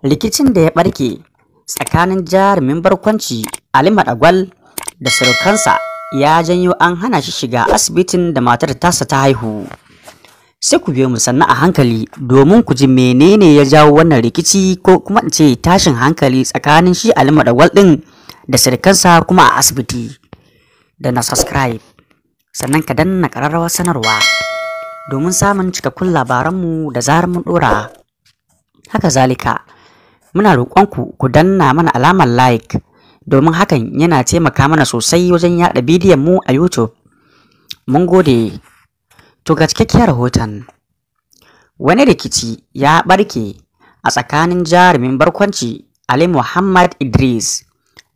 rikicin da ya barke tsakanin jarumin barkwanci Ali Madagwal da surukansa ya janyo an hana shi shiga asibitin da matar tasa ta haihu. Sai ku biyo mu sannan a hankali domin ku ji menene ya jawo wannan rikici ko kuma in ce tashin hankali tsakanin shi Ali Madagwal din da surukansa kuma a asibiti. Da na subscribe sannan ka danna ƙararrawar sanarwa domin samun cikakkun labaranmu da zarar mun ɗora. Haka zalika. muna roƙonku ku danna mana alamar like domin hakan yana taimaka mana sosai wajen yaɗa bidiyon mu a YouTube. Mun gode. To ga cikakkiyar rahoton. Wani rikici ya barke a tsakanin jarumin barkwanci Ali Muhammad Idris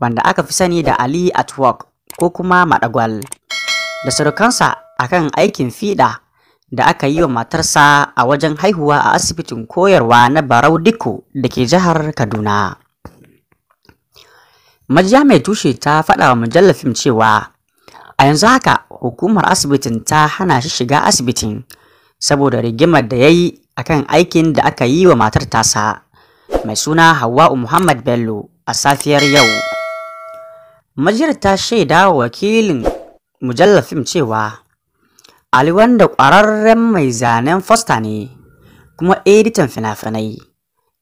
wanda aka fi sani da Ali at work ko kuma Madagwal da surukansa akan aikin fiɗa da aka yi wa matarsa a wajen haihuwa a asibitin koyarwa na Barau Diko da ke jihar Kaduna. Majiya mai tushe ta faɗa wa mujallar fim cewa a yanzu haka hukumar asibitin ta hana shi shiga asibitin saboda rigimar da ya yi akan aikin da aka yi wa matar tasa mai suna Hawwa'u Muhammad Bello a safiyar yau. Majiyar ta shaida wa wakilin mujallar fim cewa Ali wanda ƙwararren mai zanen fosta ne kuma editan fina-finai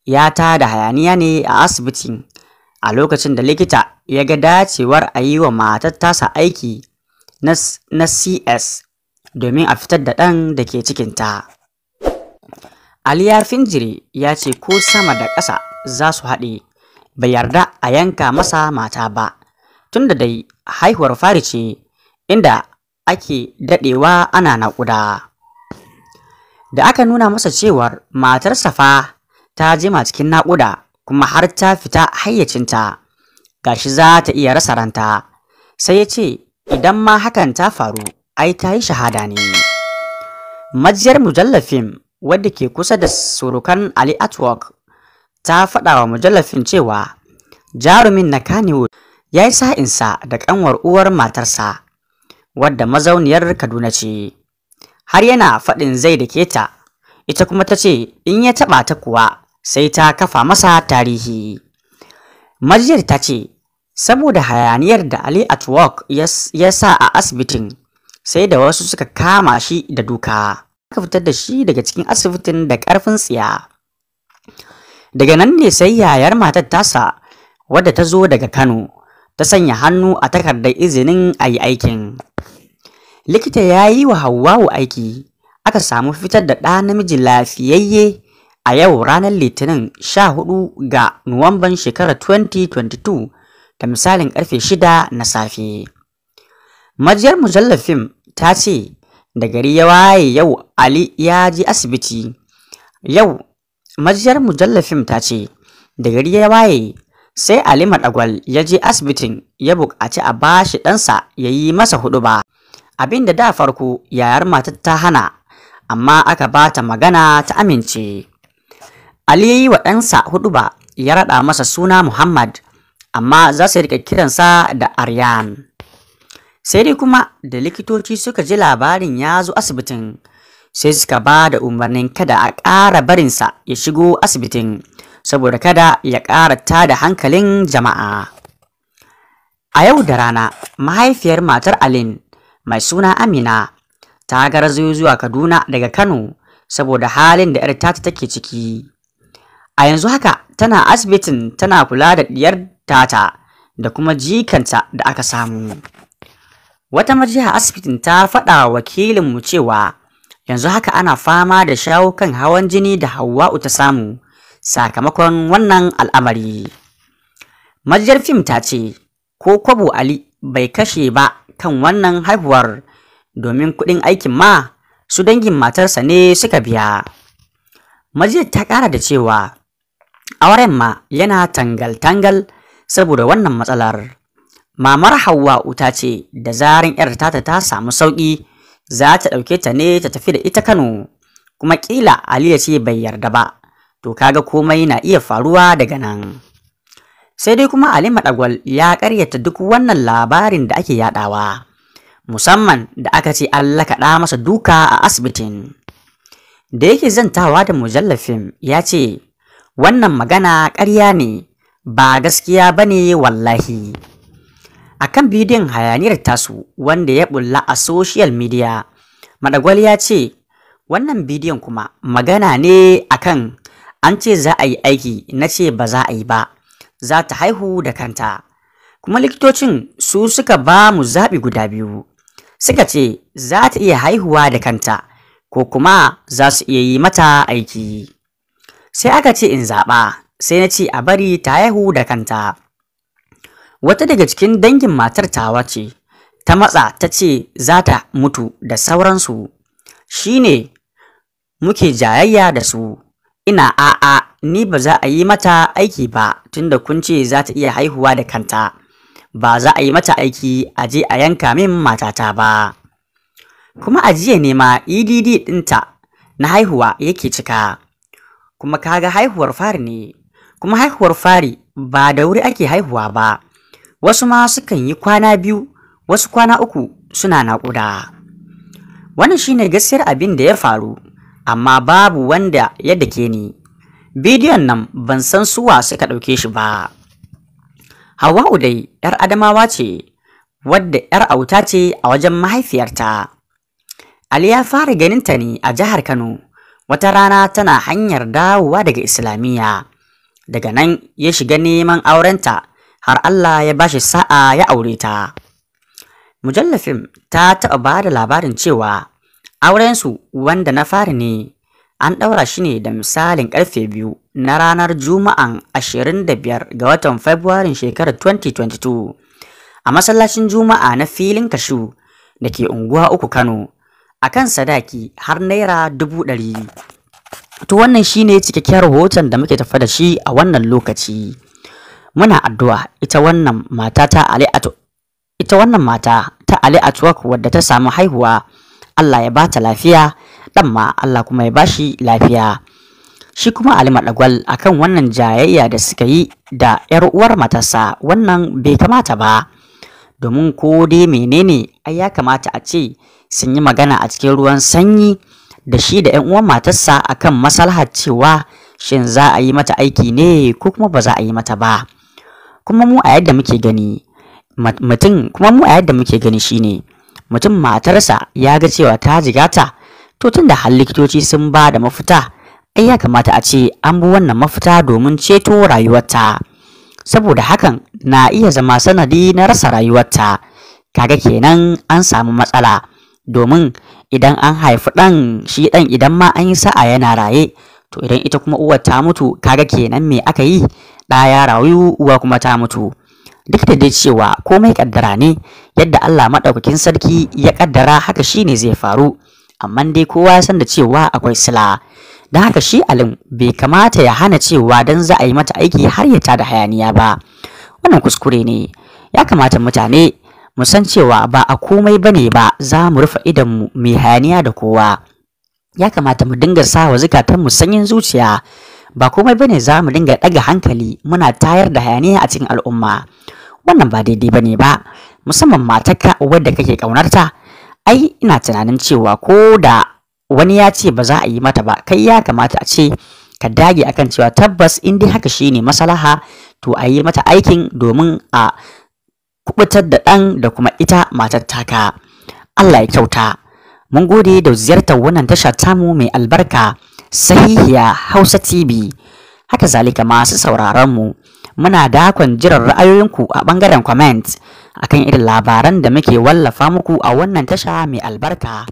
ya ta da hayaniya ne a asibitin a lokacin da likita ya ga dacewar a yi wa matar tasa aiki na cs domin a fitar da ɗan da ke cikinta ali ya finjiri ya ce ko sama da ƙasa za su haɗe bai yarda a yanka masa mata ba tunda dai haihuwar fari ce inda ake daɗewa ana naƙuda. Da aka nuna masa cewar matarsa fa ta jima cikin naƙuda kuma har ta fita hayyacinta, gashi za ta iya rasa ranta, sai ya ce idan ma hakan ta faru ai ta yi shahada ne. Majiyar mujallafin wadda ke kusa da surukan Ali Atwork ta faɗa wa mujallafin cewa jarumin na Kannywood ya yi sa'insa da ƙanwar uwar matarsa wadda mazauniyar Kaduna ce. Har yana faɗin zai da ta, ita kuma ta ce in ya taɓa ta kuwa sai ta kafa masa tarihi. Majiyar ta ce, saboda hayaniyar da Ali at work ya sa a asibitin, sai da wasu suka kama shi da duka. Aka fitar da shi daga cikin asibitin da ƙarfin tsiya. Daga nan ne sai yayar matar tasa wadda ta zo daga Kano ta sanya hannu a takardar izinin a yi aikin. likita ya yi wa wa aiki aka samu fitar da ɗa namiji lafiyayye a yau ranar Litinin 14 ga Nuwamban shekarar 2022 da misalin ƙarfe 6 na safe. Majiyar mujallar fim ta ce da gari ya waye yau Ali ya je asibiti. Yau majiyar mujallar fim ta ce da gari ya waye sai Ali Madagwal ya je asibitin ya buƙaci a bashi ɗansa ya yi masa ba. abin da da farko yayar matar ta hana amma aka ba ta magana ta amince ali yi wa ɗansa ba ya raɗa masa suna muhammad amma za su riƙa kiransa da aryan sai dai kuma da likitoci suka ji labarin ya zo asibitin sai suka ba da umarnin kada a ƙara barinsa ya shigo asibitin saboda kada ya ƙara ta da hankalin jama'a a yau da rana mahaifiyar matar alin mai suna Amina ta garzayo zuwa Kaduna daga Kano saboda halin da 'yar tata take ciki. A yanzu haka tana asibitin tana kula da ɗiyar tata da kuma jikanta da aka samu. Wata majiya asibitin ta faɗa wa wakilinmu cewa yanzu haka ana fama da shawo kan hawan jini da Hauwa'u ta samu sakamakon wannan al'amari. Majiyar fim ta ce, ko kwabo Ali bai kashe ba kan wannan haihuwar domin kuɗin aikin ma su dangin matarsa ne suka biya. Majid ta ƙara da cewa auren ma yana tangal-tangal saboda wannan matsalar. Mamar Hauwa uta ce da zarin 'yar tata ta samu sauƙi za ta ɗauke ta ne ta tafi da ita Kano kuma ƙila Aliya ce bai yarda ba, to kaga komai na iya faruwa daga nan. Sai dai kuma Ali Madagwal ya ƙaryata duk wannan labarin da ake yadawa, musamman da aka ce an lakaɗa masa duka a asibitin. Da yake zantawa da mujallafin ya ce, Wannan magana ƙarya ne, ba gaskiya ba ne wallahi. A kan bidiyon hayaniyar tasu wanda ya bulla a social media, Madagwal ya ce, Wannan bidiyon kuma magana ne akan an ce za a yi aiki na ce ba za a yi ba. za ta haihu da kanta kuma likitocin su suka ba mu zaɓi guda biyu suka ce za ta iya haihuwa da kanta ko kuma za su iya yi mata aiki sai aka ce in zaɓa sai na ce a bari ta haihu da kanta wata daga cikin dangin matar tawa ce ta matsa ta ce za ta mutu da sauransu Shi ne muke jayayya da su ina a'a ni ba za a yi mata aiki ba tunda kun ce za ta iya haihuwa da kanta ba za a yi mata aiki a je a yanka min matata ba kuma a jiya ne ma edd ɗinta na haihuwa yake cika kuma kaga haihuwar fari ne kuma haihuwar fari ba da wuri ake haihuwa ba wasu ma sukan yi kwana biyu wasu kwana uku suna naƙuda wannan shine gaskiyar abin da ya faru amma babu wanda ya dake ni bidiyon nan ban san suwa suka ɗauke shi ba hawa'u dai 'yar adamawa ce wadda 'yar auta ce a wajen mahaifiyarta ali ya fara ganinta ne a jihar kano wata rana tana hanyar dawowa daga islamiyya daga nan ya shiga neman aurenta har allah ya bashi sa'a ya aure ta mujallafin ta taɓa ba da labarin cewa aurensu wanda na fari ne an ɗaura shi ne da misalin ƙarfe biyu na ranar Juma'an 25 ga watan Fabrairun shekarar 2022 a masallacin Juma'a na filin Kashu da ke unguwa uku Kano a kan sadaki har naira dubu ɗari. To wannan shi ne cikakken rahoton da muke tafa da shi a wannan lokaci. Muna addu'a ita wannan mata ta Ali'atu ita wannan mata ta Ali wadda ta samu haihuwa Allah ya ba ta lafiya Ɗan ma Allah kuma ya bashi lafiya shi kuma Ali Madagwal akan wannan jayayya da suka yi da yar uwar matarsa wannan bai kamata ba domin ko dai menene ai ya kamata a ce sun yi magana a cikin ruwan sanyi da shi da yan uwan matarsa akan masalhar cewa shin za a yi mata aiki ne ko kuma ba za a yi mata ba kuma mu a yadda muke gani mutum kuma mu a yadda muke gani shine mutum matarsa ya ga cewa ta jigata to tunda har likitoci sun ba da mafita ai ya kamata a ce an bi wannan mafita domin ceto rayuwarta saboda hakan na iya zama sanadi na rasa rayuwarta kaga kenan an samu matsala domin idan an haifi ɗan shi ɗan idan ma an yi sa'a yana raye to idan ita kuma uwar ta mutu kaga kenan me aka yi ɗa ya rayu uwa kuma ta mutu duk da dai cewa komai kaddara ne yadda Allah maɗaukakin sarki ya kaddara haka shine zai faru amma dai kowa san da cewa akwai sila don haka shi alin bai kamata ya hana cewa don za a yi mata aiki har ya tada hayaniya ba wannan kuskure ne ya kamata mutane mu san cewa ba a komai bane ba za mu rufe idonmu mai hayaniya da kowa ya kamata mu dinga sa wa mu sanyin zuciya ba komai bane za mu dinga ɗaga hankali muna tayar da hayaniya a cikin al'umma wannan ba daidai bane ba musamman matarka wadda kake ƙaunarta ai ina tunanin cewa ko da wani ya ce ba za a yi mata ba kai ya kamata a ce ka dage akan cewa tabbas in dai haka shine masalaha to a yi mata aikin domin a kubutar da ɗan da kuma ita matar taka Allah ya kyauta mun gode da ziyartar wannan tasha tamu mai albarka sahihiya Hausa TV haka zalika masu sauraron mu muna dakon jiran ra'ayoyinku a bangaren comment akan irin labaran da muke wallafa muku a wannan tasha mai albarka.